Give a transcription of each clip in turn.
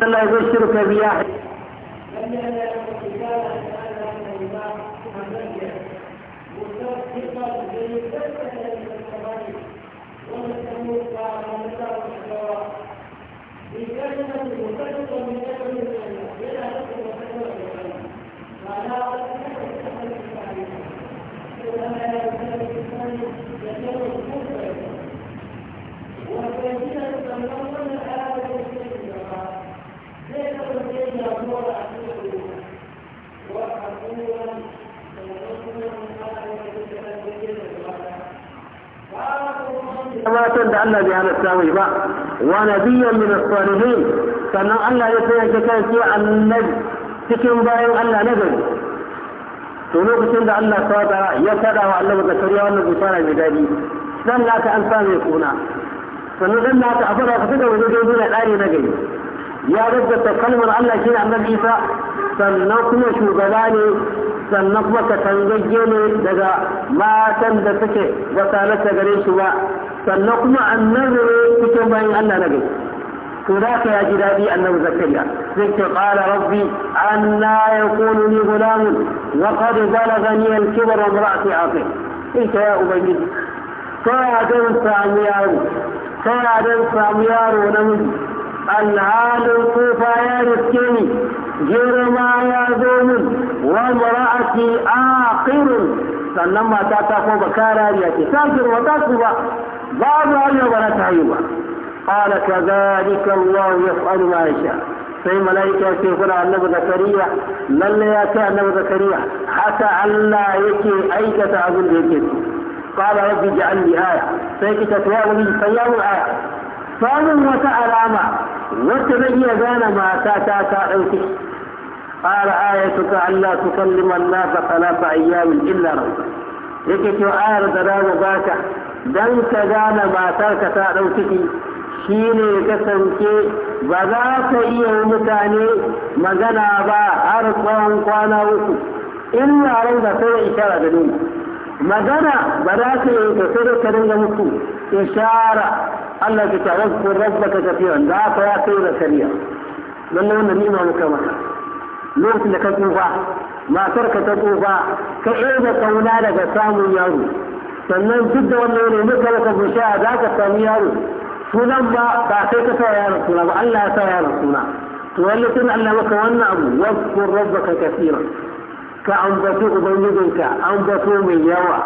Allah ya zo shirka biya gabatar da Allah bai halatta mai ba wa nabiyyan min as sannan Allah ya sanya kansa annabi cikin bayan Allah na gari to lokacin da Allah ta wata ya faɗa wa Allah zakariya wannan bishara mai daɗi dan naka an same suna sannan dan naka a fara fita da wani gaibi na ɗari na gari ya gaggata kalmar Allah shi ne annabi sannan kuma shugaba ne sannan kuma daga matan da suke ba tare da ba sannan kuma annabi cikin bayan Allah na gai to za ka ya ji daɗi annabi zakariya zai ce qala rabbi anna yakunu li gulam wa qad balaghani al-kibra wa imra'ati aqim in ta ya ubangiji ta ya dan samu yaro ta ya dan samu yaro namiji alhalin kufa ya riske ni girma ya zo min wa imra'ati aqim sannan mata ta ko bakarariya ce ta girma ta su ba لا أيوب ولا تعيبه قال كذلك الله يفعل ما يشاء في ملائكة يقول أبو زكريا من لا يأتي أبو زكريا حتى ألا يكي أي كتاب يكي قال ربي اجعل لي آية فيك تتواب لي فيام آية وتعالى وتعلامة وتبين ذان ما تا تاعوتك قال آيتك ألا تكلم الناس ثلاث أيام إلا ربك يكي تعالى ردنا ذاك don ka gane matarka ta ɗau ciki shi ne kasance ba za ka iya yi mutane magana ba har tsawon kwana uku in yaran da sai ishara da nuna magana ba za ka yi da sai ka dinga mutu ishara Allah ta ta wasu rabba ka tafiya za ka ya kai da kariya lallai wannan nima muka maka lokacin da ka tsufa matar ka ta tsufa ka ɗaya kauna daga samun yaro sannan duk da wannan ne muka maka bishara za ka sami yaro sunan ba ba sai ka sa yaron suna ba Allah ya sa yaron suna to wani tun Allah maka wannan abu wasu rabbaka kasira ka ambato ubangijinka ambato mai yawa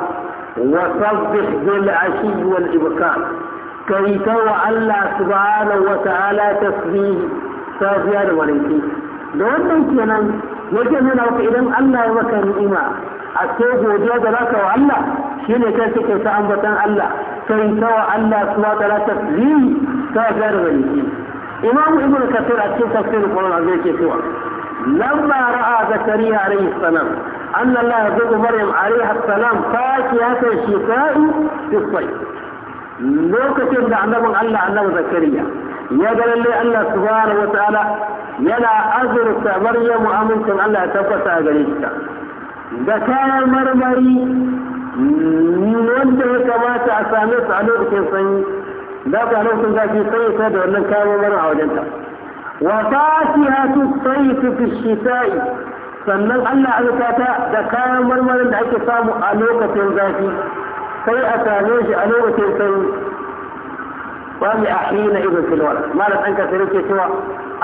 wa sabbih bil ashi wal ibkar kai ta wa Allah subhanahu wa ta'ala tasbih safiya da walinki da wannan kenan yake nuna maka idan Allah ya maka ni'ima a ce godiya da zaka wa Allah shine kai suke ta ambatan Allah kai wa Allah subhanahu wa ta'ala tasbihi ta zarwani imam ibn kathir a cikin tafsirin qur'an zai ke cewa lamma ra'a zakariya alayhi salam anna Allah yazubu maryam alayhi salam fakiyatan shifa'u fi sayf lokacin da annabin Allah annabi zakariya ya ga lalle Allah subhanahu wa ta'ala yana azurta maryamu amincin Allah ya tabbata a gare ta da kayan marmari wanda ya kamata a same su a lokacin sanyi za ka lokacin zafi sai ta da wannan kayan mara a wajenta wa fasihatu sayfi fi shita'i sannan Allah alkata da kayan marmarin da ake samu a lokacin zafi sai a same shi a lokacin sanyi ba mu a hina ibn filwar malam an kasar yake cewa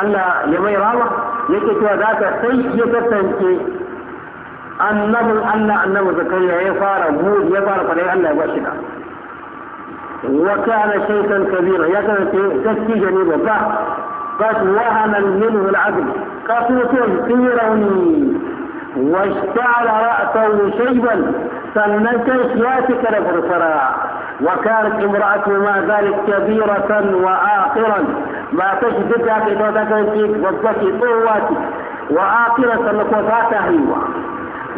Allah ya mai rama yake cewa za ka sai ya kasance annabin Allah annabi zakariya ya fara buri ya fara kwadai Allah ya ba shi da wa kana shaytan kabira ya kana gaski gani قد وهن منه العدل قسوة كثيروني واشتعل رأسه شيبا سنكش لا تكلف الفراع وكانت امرأته مع ذلك كبيرة وآخرا ما تشددها في توتك وضتي قواتي وآخرة لقوتها هيوة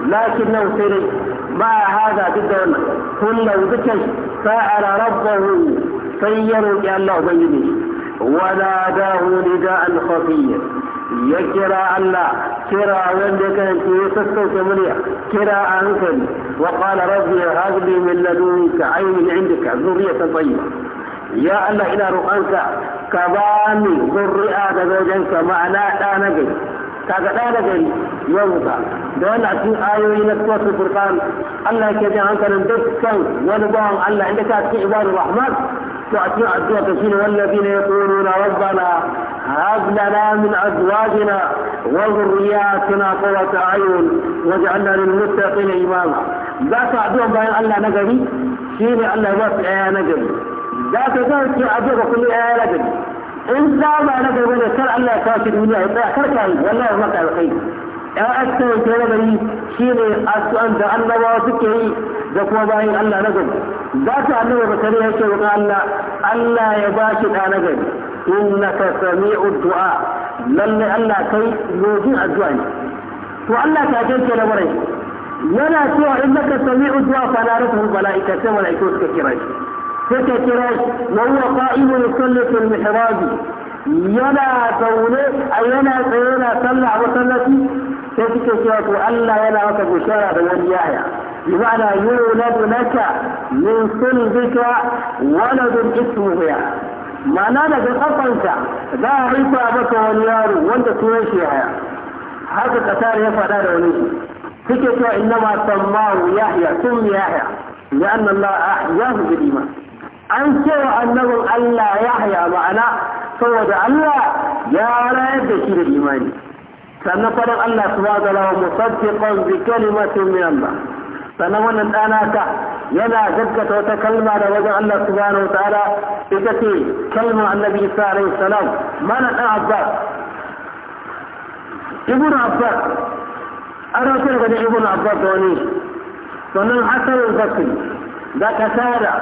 لكنه سري مع هذا جدا كل ذكر فعل ربه سير يا الله بيني وناداه نداء خفيا يكرا الله كرا وندك في يسكت منيا كرا عنك وقال ربي هب لي من لدنك عين عندك ذرية طيبة يا الله إلى رؤانك كباني ذرئة زوجك معنا لا نجد kaga ɗaya da gari ya wuta da wani a cikin ayoyi na suratul furqan Allah yake jin hankalin dukkan wani bawan Allah inda ka cikin ibadur rahman to a cikin addu'a ta shine wallazina yaquluna rabbana هب لنا من ازواجنا وذرياتنا قرة اعين واجعلنا للمتقين اماما ذاك عدوهم بين الله نجري شيني الله بس ايه نجري ذاك ذاك عدوك كل ايه نجري in za ba na gaba da kar Allah ya kawo duniya ya tsaya kar ka yi wallahi maka alkhairi ya aksan ke na gari shine addu'an da annabawa suke yi da kuma bayan Allah na gaba za ta annabi bakari yake ga Allah Allah ya ba shi da na gari innaka sami'u du'a lalle Allah kai yojin addu'a ne to Allah ta jinke da barai yana cewa innaka sami'u du'a fa la rusul malaikatu malaiku suka kira shi فتكره وهو قائم يصلي في المحراب ينا قوله أي ينا قولنا صلع وصلتي فتكره ألا ينا وكب شرب وليايا بمعنى يولد لك من صلبك ولد اسمه يا معنى لك قطنك لا عيسى بك وليار وانت تويش يا هذا قتال يفعل هذا وليش فكرة إنما سماه يحيى ثم يحيى لأن الله أحياه بالإيمان أنسوا أنهم ألا يحيى معنا فوضع الله يا لا يدشير الإيمان سنفر الله سبحانه له مصدقا بكلمة من الله سنوان الآناك ينا جدك وتكلم على وجه الله سبحانه وتعالى إذا كلمة النبي صلى الله عليه وسلم من الأعضاء ابن عباس أنا أتلقى ابن عباس وني فمن حسن الزكري ذاك سارع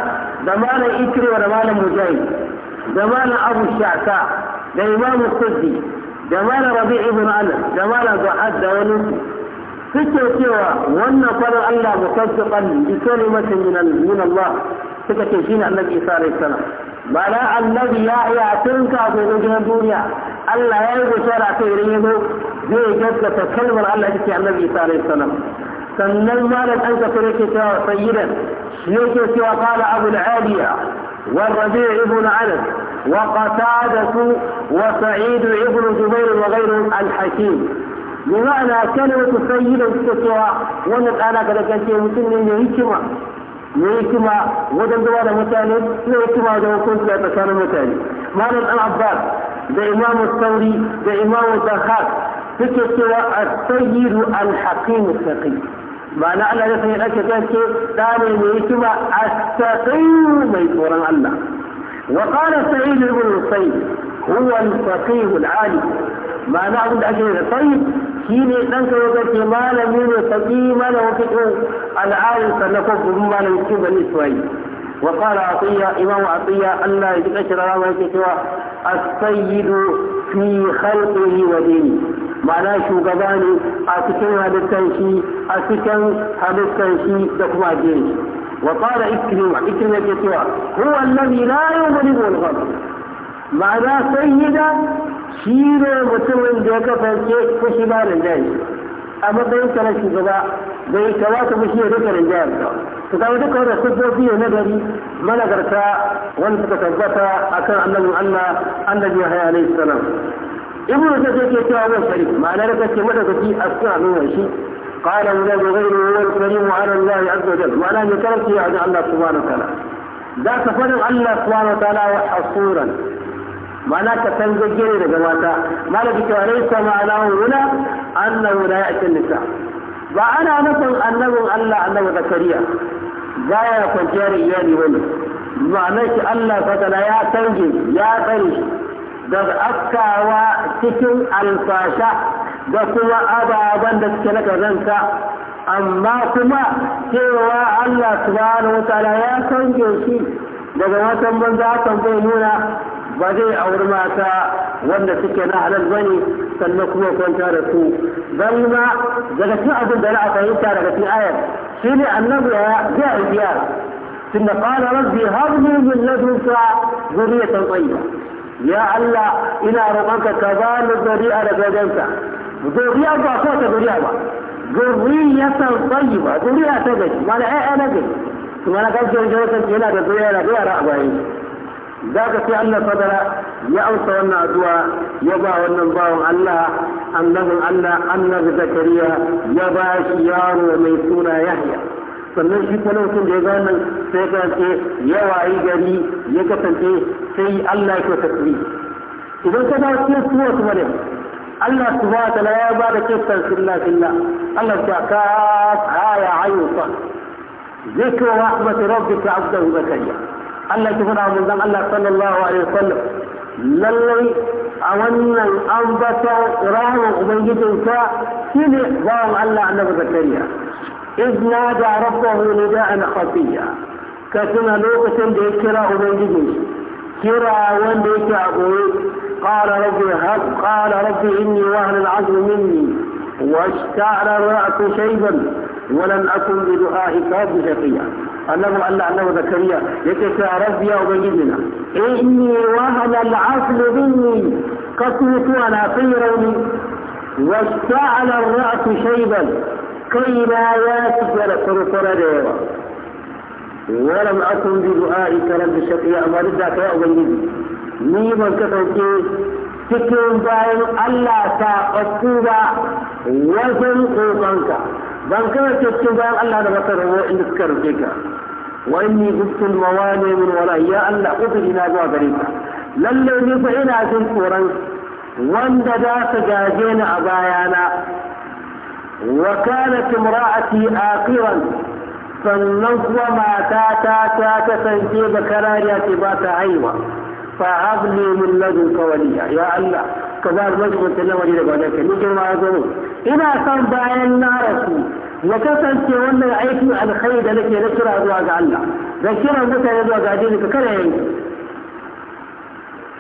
زمان إكري وزمان مجاهد زمان أبو الشعكاء زمان الصدي زمان ربيع بن علي زمان زحاد داوود سكوا سوى وانا قال الله مصدقا بكلمة من من الله سكت فينا النبي صلى الله عليه وسلم بلا الذي يحيى تنكا في وجه الدنيا الله يجب شرع تيريه زي جدة كلمة الله يحيى النبي صلى الله عليه وسلم سنن مالا انت تريك سيدا ليس سوى قال ابو العاليه والربيع بن علم وقتادة وسعيد ابن جبير وغيرهم الحكيم بمعنى كلمة سيدة السوى ونت انا قد كانت يمكن ان يهكما يهكما ودن دوالا متالب يهكما ودن كنت لا تكون متالب ما نت انا عباد بإمام الثوري بإمام الدخاك فكرة السيد الحكيم الثقيل معنى الله يقول لك تأتي تاني ميتما التقي ميتورا وقال سعيد ابن الصيد هو الفقيه العالي ما عبد أجل الصيد طيب، كيني أنك وقت ما لم يكن تقي ما لم يكن العالي فلقف ما لم يكن الإسرائيل وقال عطية إمام عطية الله يتكشر على ما يكتوى السيد في خلقه ودينه ma'ana shugaba ne a cikin halittar shi a cikin halittar shi da kuma addini wa qala wa ikrima ke cewa huwa allazi la yughlibu al-ghadab ma'ana sayyida shi ne mutumin da ya kasance fushi ba rinjaye a matsayin sa na shugaba bai kamata mu shi ya duka rinjayar sa su kawo duka wanda sufofi ne na gari managarta wanda suka tabbata akan annabin Allah annabi Yahya alaihi salam in mutum sai ke cewa zan sani ma'anar ka ce mata zafi a suna nuna shi ƙalan zan zai ne wani sani mu ana zai a zai zai ma'ana ne kan ce Allah su wani tala za ka fadin Allah su wani tala ya asuran ma'ana ka san zage daga mata ma'ana ka cewa rai sama alahun wuna Allah ya ake ba ana nufin annabin Allah annabin zakariya ba ya kwanciyar iyali wani ma'ana ki Allah fatala ya tange ya tsare da afkawa cikin alfasha da kuma ababen da suke na kazanta amma kuma cewa Allah subhanahu wa ta'ala ya kange shi daga watan banza hakan zai nuna ba zai auri mata wanda suke na halal bane sannan kuma kwanta da su bal ma daga cikin abin da na fahimta daga cikin ayar shine annabi ya ya biya tunda qala rabbi habli min ladunka dhurriyatan tayyibah ya Allah ina roƙonka ka ba ni zuri'a da wajenka zuri'a ba ko ta zuri'a ba zuriya ta tsayi ba zuri'a ta gari mana ƴaƴa na gari kuma na kan jirgin wata yana da zuri'a yana da yara a bayan za ka sai Allah fadara ya amsa wannan addu'a ya ba wannan bawan Allah annabin Allah annabi Zakariya ya ba shi yaro mai suna Yahya sannan shi kuma mutum da ya zama nan sai kasance ya wayi gari ya kasance sai Allah ya tasbih idan ka dawo cikin suwar Maryam Allah subhanahu wa ta'ala ya ba da kisan sunna sunna Allah ta ka aya ayyuka ذكر رحمة ربك da زكريا Allah ki faɗa mun zan Allah sallallahu alaihi wasallam lallai a wannan ambata rahama ubangijinka shine bawan Allah annabi zakariya إذ نادى ربه نداء خفيا كسنا لوقة بكرا وبنجدنش كرا ونديك أبوي قال ربي هب قال ربي إني وهن العزم مني واشتعل الرأس شيبا ولم أكن بدعائك رب شقيا أنه ألا أنه زكريا يكفى ربي وبنجدنا إني وهن العزم مني قسمت أنا في روني واشتعل الرأس شيبا كيما ياتي على سرطان ديما ولم اكن بدعائك لم تشقي اعمال ذاك يا ابي نيما كتوكي تكون باين الا تاقصوبا وزن قوطانك بانك تكون باين الا نبتر هو انك كرتيك واني قلت الموالي من ولا يا الا قبل الى ابو غريب للي نبعنا في القران وان دا ابايانا وكانت امرأتي آخرا فالنظر ما تاتا تاتا تنجيب بكراريا تباتا عيوة فهب من لدنك وليا يا الله كبار مجموعة الله وليا بانك نجم عظمه إنا كان باين نارسي وكسنتي وانا عيكي الخير لك نشرة أدواج الله نشرة متى يدواج عدينك كرهين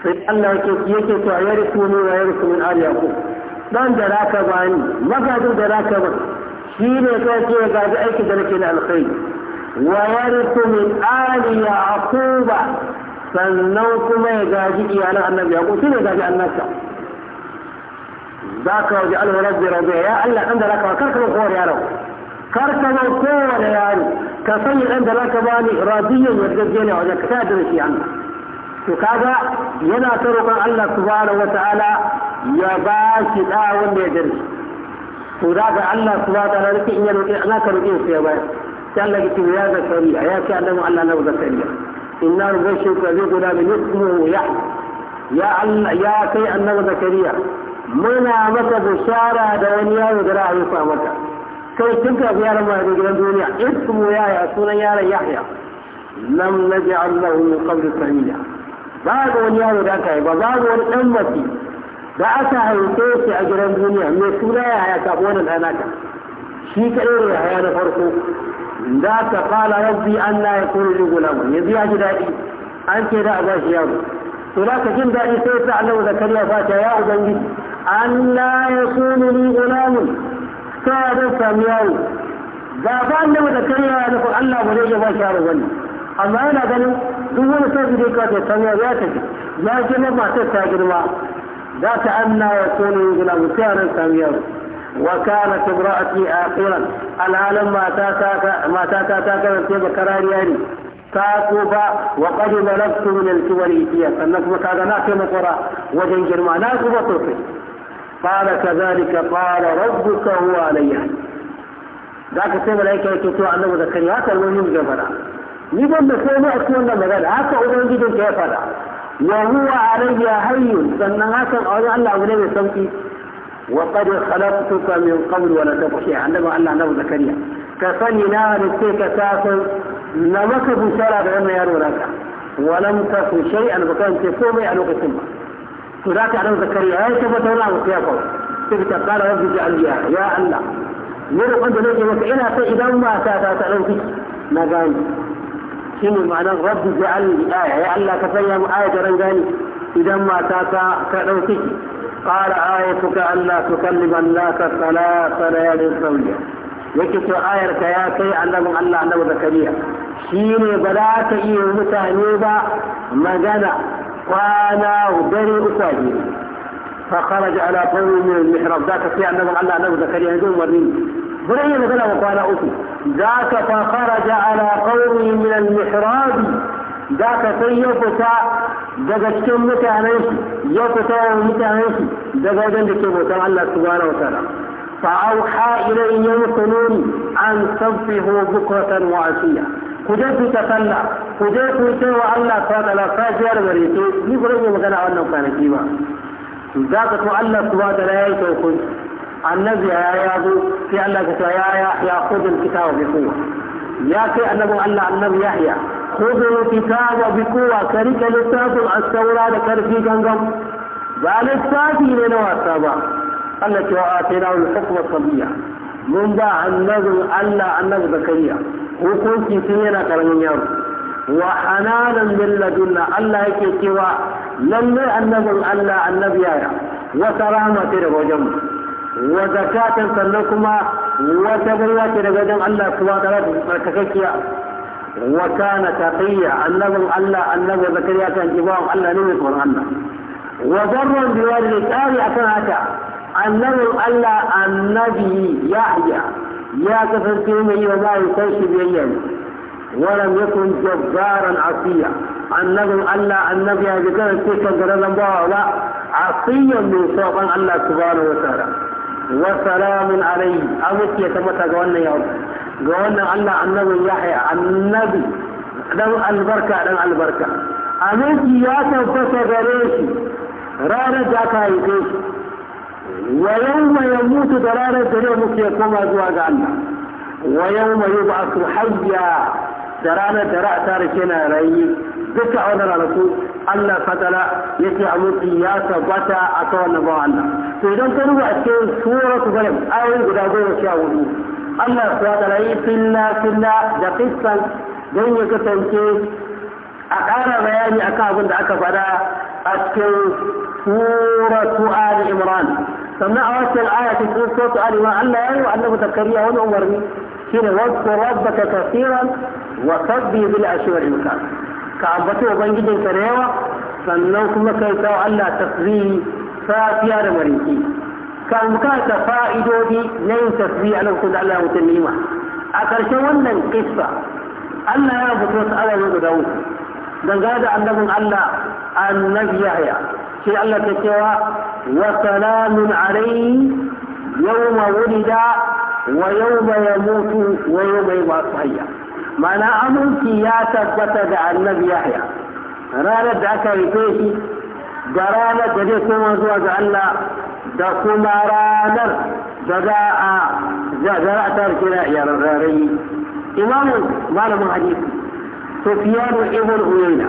فإن الله يكي تعيركم ويركم من آل يقول dan da zaka bani magadin da zaka ba shi ne kai ce ga aiki da nake na alkhairi wa yarithu min ali yaquba sannan kuma ya gaji iyalan annabi yaqub shi ne gaji annabta zaka waje alwarabbi rabbi ya Allah dan da zaka karkar kowar yaro karkar kowar yaro ka sani dan da zaka bani radiyan yarda ne wajen ka da shi Allah to kaga yana ta roƙon Allah subhanahu wata'ala ya ba shi da wanda ya gari to da ga Allah subhanahu wa ta'ala yake in ya roƙi ana ka roƙe shi ya bayar sai Allah yake ya zakariya ya ce annabi Allah na zakariya inna rubashirka zai guda da ismuhu ya ya Allah ya kai annabi zakariya muna maka bishara da wani yaro da ra'ayi fa maka kai tun ka yaron ma da gidan duniya ismu ya ya sunan yaron Yahya lam naj'al lahu min qabl samia babu wani yaro da aka yi ba babu wani dan mace da aka haife shi a gidan duniya me suna ya haya kafin wannan ɗana ka shi kaɗai ne haya na farko da ka fala rabbi an la ya kuri ni gulamu yanzu ya ji daɗi an ce da a ba shi yaro to da ka jin daɗi sai ta annabi zakariya fata ya ubangiji an la ya kuri ni gulamu ta da sami yaro ba ba annabi zakariya ya nufin allah ba zai iya ba shi yaro bane amma yana ganin duk wani sarki da ya kawo ta sami yaro ya tafi ya ji girma matar ta girma ذات أن يكون الغلام كان سميرا وكانت امرأتي آخرا العالم ما تاتا ما تاتا تاتا تاتا تاتا وقد بلغت من تاتا تاتا تاتا تاتا تاتا وجن تاتا تاتا قال كذلك قال ربك هو علي ذاك تاتا تاتا يكتو أنه تاتا المهم جبرا نبن تاتا أكون تاتا تاتا تاتا كيف هذا wa huwa alayya hayyun sannan hakan a wajen Allah abu ne mai sauki wa qad khalaqtuka min qabl wa la tabqi annabi Allah na zakariya ka sani na halitte ka tasan na maka bushara da wannan yaro naka wa lam taku shay'an ba kan ce komai a lokacin ba to da ka annabi zakariya ya tabbata wannan abu ya faru sai ka fara rabbi ja'aliya ya Allah ne da kwanda nake maka ina son idan mata ta ta dauki na gani shine ma'anar rabbi ja'alni bi aya ya Allah ka sanya mu aya garan gani idan mata ta ka dauki qala ayatuka alla tukallima annaka salasa layalin sawiya yake to ayar ka ya kai annabin Allah annabi zakariya shine ba za ka iya mutane ba magana kwana dare uku a فخرج على قوم من المحراب ذاك في أنه الله أنه ذكر يهدون ورين بريه مثلا وقال أوتي ذاك فخرج على قومه من المحراب ذاك فيفتى دقا كم متعنيس يفتى ومتعنيس دقا دن كم الله سبحانه وتعالى فأوحى إليه يوصلون أن تنفه بكرة وعشية كجاك تفلى كجاك يتوى الله فاتلا فاجر وريتو يقول لي مغنى كان كيما ذاك الله سبحانه وتعالى annabi ya yazo sai Allah ka ya ya ya khudul kitaba bi quwwa ya kai annabi Allah annabi Yahya khudul kitaba bi quwwa ka rike littafin as-saura da karfi gangam ba littafi ne na wasa ba Allah ce wa atayna al-hukma sabiyya mun ba annabin Allah annabi Zakariya hukunci sun yana karamin yaro wa hananan min ladunna Allah yake cewa lalle annabin Allah annabi yaya wata rahama da daga mu. وزكاةً سنكما وتبرك لبدن الله سبحانه وتعالى كككيا وكان تقيا أنه الله أنه زكريا كان جبان الله نمي قرآن الله وبرا بوالي تالي أكن أتا أنه الله النبي يحيى يا كفر كلمه إلى الله يسيش بيين ولم يكن جبارا عصيا أنه الله النبي هذا كان كيكا قرآن الله عصيا من صوبان الله سبحانه وتعالى وسلام عليه أمس يتمتع قولنا يا رب قولنا أن النبي يحيى النبي دم البركة دم البركة أمس يتمتع قريش رانا جاكا يتيش ويوم يموت دلالة دلالة يقوم أزواج الله ويوم يبعث حيا دلالة دلالة تاركنا رئيس duka a wannan ranaku Allah fatala yake a mutu ya tabbata a ta wannan bawa Allah to idan ta duba a cikin suratul qalam ayoyi guda goma sha hudu Allah fatala yi filla filla da qissan don ya kasance a ƙara bayani akan abin da aka faɗa a cikin suratu Ali Imran sannan a wacce aya ta cikin suratu Ali Imran Allah ya yi wa annabi zakariya wani umarni shine wasu rabbaka kaseeran wa sabbi bil ashwar ka. ka ambaci ka da yawa sannan kuma kai kawo Allah tasbihi safiya da mariki ka ambata fa'idodi na yin tasbihi a lokacin da Allah ya mutu nima a ƙarshen wannan kissa Allah ya rubuta wasu ayoyi guda uku dangane da annabin Allah annabi Yahya sai Allah ta cewa wa salamun alayhi yawma wulida wa yawma yamutu wa yawma yub'athu hayya mana aminci ya tabbata da annabi yahya ranar da aka haife shi da ranar da zai koma zuwa ga Allah da kuma ranar da za a za ta kira yararrayi imamu malamin hadisi sufyan ibn uyayna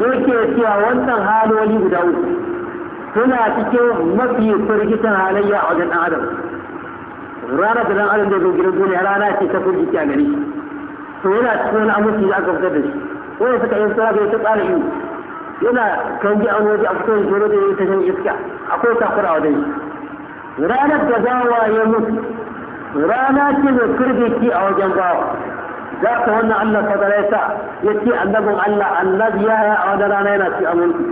yake cewa wannan haloli guda uku suna cikin mafi firgitan halayya a wajen adam ranar da dan adam da zo gidan duniya rana ce ta firgita gare shi to yana cikin wani aminci da aka fitar da shi wanda suka yi suka ga ta tsara yi yana kan ji an waje a fito da jiro da yayi ta shan iska akwai takura wajen shi ranar da bawa ya mutu rana ce mai kirgiki a wajen bawa za ka wannan Allah ta zara sa ya ce annabin Allah annabi ya yi a wajen rana yana ci aminci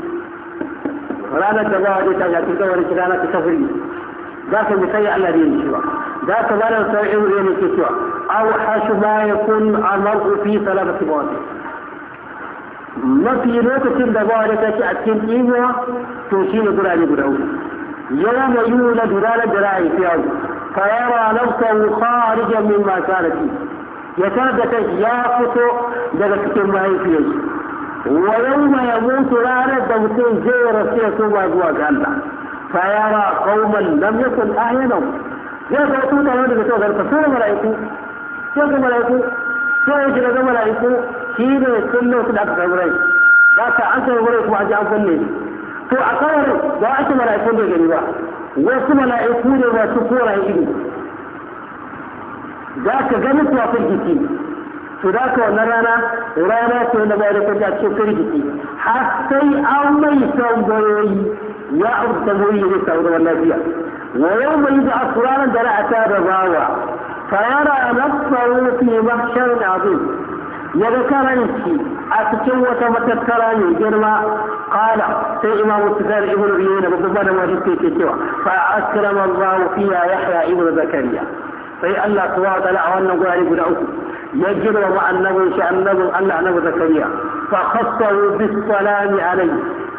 ranar da bawa zai ta shafi kawai rana ta tafiri za ka misali Allah ne ne cewa za ka zara sau'in zai ne ke cewa aw hashu ma yakun al-mar'u fi salatati bawati mafi lokacin da bawa da kake a cikin imuwa to shi ne gurare guda uku yau mai yi na duralar da ra'ayi fi yau fayara nafsan kharijan ya da kai ya fito daga cikin mahaifiyar wa ya mutu ranar da mutum zai rasu ya koma zuwa ga فيرى قوما لم يكن أعينهم يا فأتوا تعالى ذلك سوى ملائكو سوى ملائكو سوى جنة ملائكو شين كله في العبد عمرين لا تعالى عمرين وعجي عن فنين to a kawar ba a ce mala'iku da gari ba wasu mala'iku ne masu koraye ido za ka gani kuwa firgiti to da ka wannan rana rana ce wanda bai da kwanci a cikin mai tambayoyi يعرض تمويله سعوده النبي ويوم يدعى فلانا دلع باوع فيرى نفسه في محشر عظيم يذكرنك أتكوة وتذكرني جرما قال في إمام السفر ابن عيينة بضبان وجدتي كتوى فأكرم الله فيها يحيى ابن زكريا في الله سبحانه وتعالى وأنه قال ابن عوف يجرم أنه شأنه أن أنه زكريا فخصه بالسلام عليه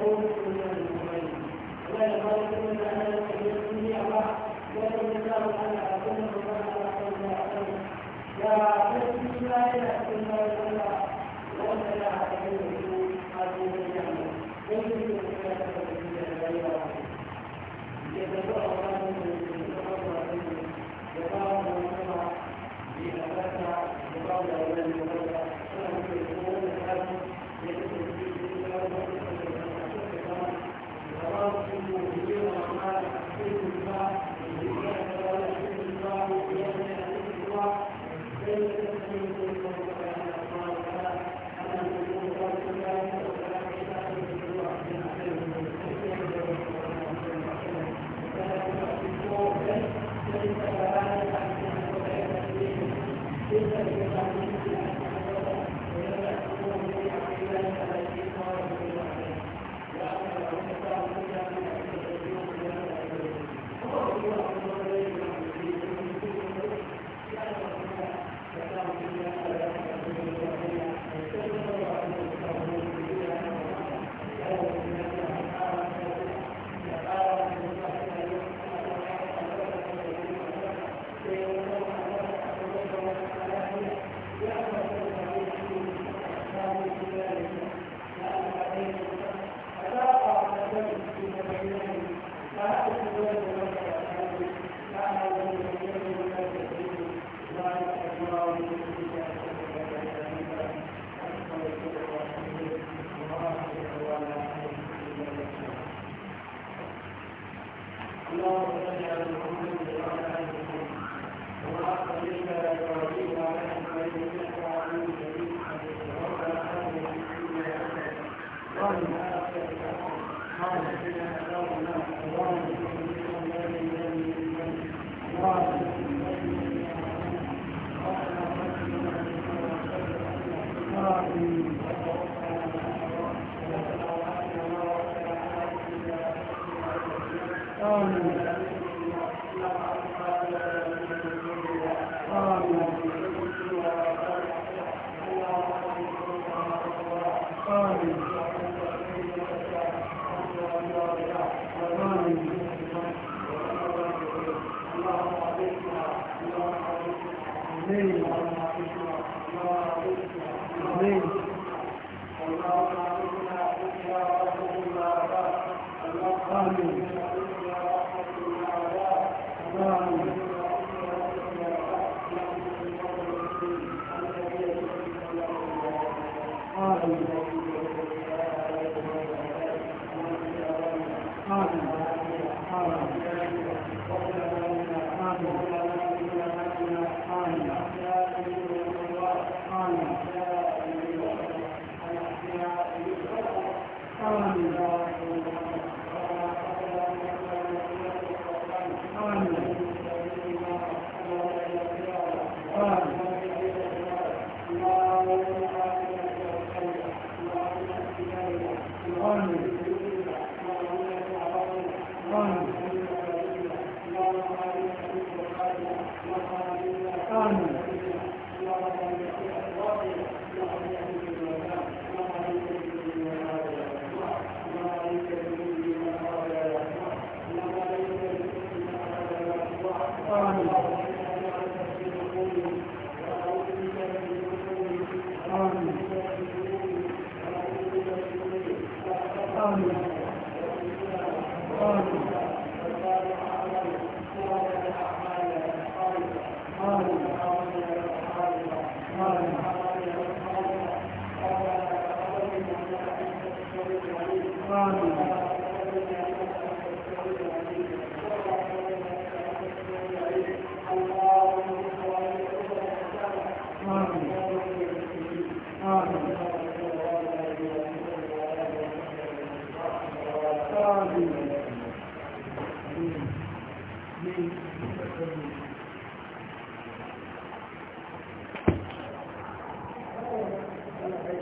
قوم من المؤمنين ولا قوم من أهل Amen. Amen.